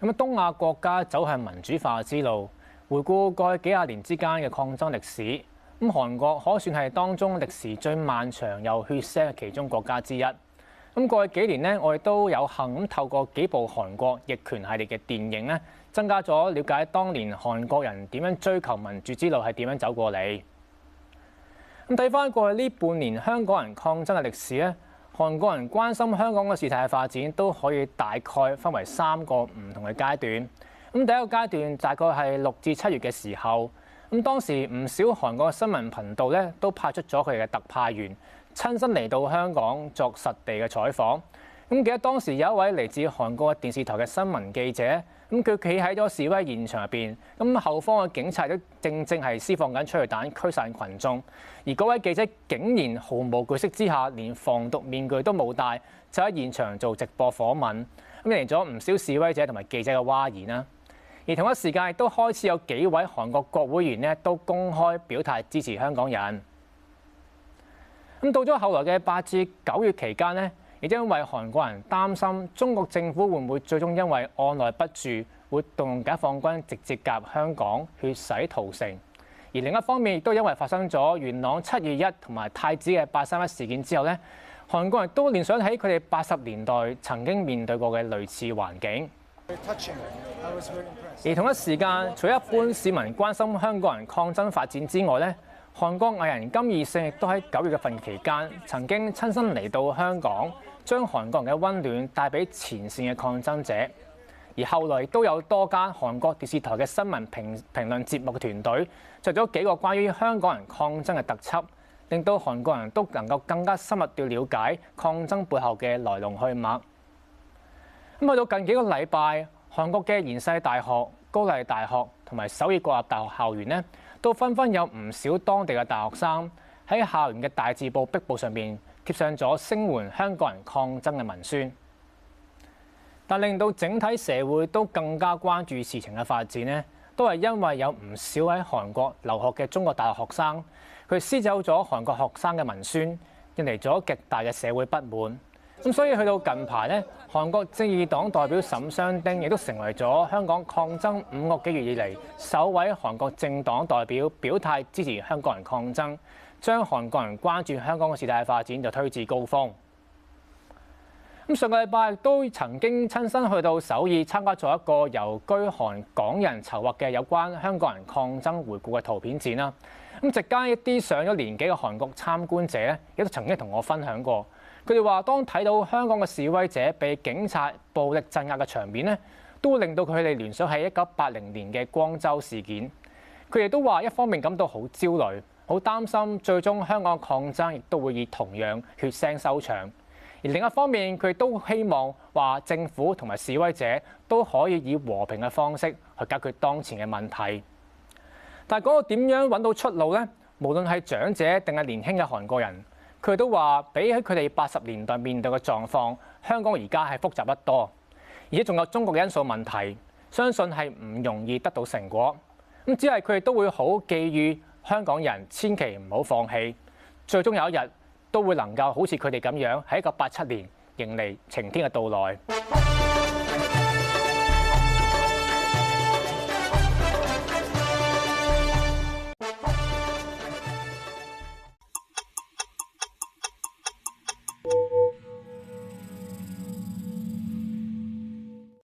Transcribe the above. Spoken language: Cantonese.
咁東亞國家走向民主化之路，回顧過去幾十年之間嘅抗爭歷史，咁韓國可算係當中歷史最漫長又血腥嘅其中國家之一。咁過去幾年呢，我哋都有幸咁透過幾部韓國逆權系列嘅電影呢，增加咗了解當年韓國人點樣追求民主之路係點樣走過嚟。咁睇翻過去呢半年香港人抗爭嘅歷史咧。韓國人關心香港嘅事態嘅發展，都可以大概分為三個唔同嘅階段。咁第一個階段大概係六至七月嘅時候，咁當時唔少韓國嘅新聞頻道咧都派出咗佢哋嘅特派員，親身嚟到香港作實地嘅採訪。咁記得當時有一位嚟自韓國電視台嘅新聞記者，咁佢企喺咗示威現場入邊，咁後方嘅警察都正正係施放緊催淚彈驅散群眾，而嗰位記者竟然毫無懼色之下，連防毒面具都冇戴，就喺現場做直播訪問，咁引咗唔少示威者同埋記者嘅譁言，啦。而同一時間亦都開始有幾位韓國國會員都公開表態支持香港人。咁到咗後來嘅八至九月期間呢亦都因為韓國人擔心中國政府會唔會最終因為按捺不住，會動用解放軍直接夾香港血洗屠城；而另一方面，亦都因為發生咗元朗七二一同埋太子嘅八三一事件之後咧，韓國人都聯想起佢哋八十年代曾經面對過嘅類似環境。而同一時間，除了一般市民關心香港人抗爭發展之外咧。韓國藝人金義聖亦都喺九月嘅份期間，曾經親身嚟到香港，將韓國人嘅溫暖帶俾前線嘅抗爭者。而後來都有多間韓國電視台嘅新聞評評論節目嘅團隊，做咗幾個關於香港人抗爭嘅特輯，令到韓國人都能夠更加深入地了解抗爭背後嘅來龍去脈。咁去到近幾個禮拜，韓國嘅延世大學、高麗大學同埋首爾國立大學校園呢，都紛紛有唔少當地嘅大學生喺校園嘅大字報壁報上面貼上咗聲援香港人抗爭嘅文宣。但令到整體社會都更加關注事情嘅發展呢，都係因為有唔少喺韓國留學嘅中國大學生，佢撕走咗韓國學生嘅文宣，引嚟咗極大嘅社會不滿。咁所以去到近排呢，韓國正義黨代表沈相丁亦都成為咗香港抗爭五個幾月以嚟首位韓國政黨代表表態支持香港人抗爭，將韓國人關注香港嘅事態的發展就推至高峰。咁上個禮拜都曾經親身去到首爾參加咗一個由居韓港人籌劃嘅有關香港人抗爭回顧嘅圖片展啦。咁席間一啲上咗年紀嘅韓國參觀者咧，亦都曾經同我分享過。佢哋話：當睇到香港嘅示威者被警察暴力鎮壓嘅場面呢，都會令到佢哋聯想起一九八零年嘅光州事件。佢哋都話：一方面感到好焦慮、好擔心，最終香港抗爭亦都會以同樣血腥收場；而另一方面，佢哋都希望話政府同埋示威者都可以以和平嘅方式去解決當前嘅問題。但係嗰個點樣揾到出路呢？無論係長者定係年輕嘅韓國人。佢都話，比起佢哋八十年代面對嘅狀況，香港而家係複雜得多，而且仲有中國嘅因素問題，相信係唔容易得到成果。咁只係佢哋都會好寄予香港人，千祈唔好放棄，最終有一日都會能夠好似佢哋咁樣喺一個八七年迎嚟晴天嘅到來。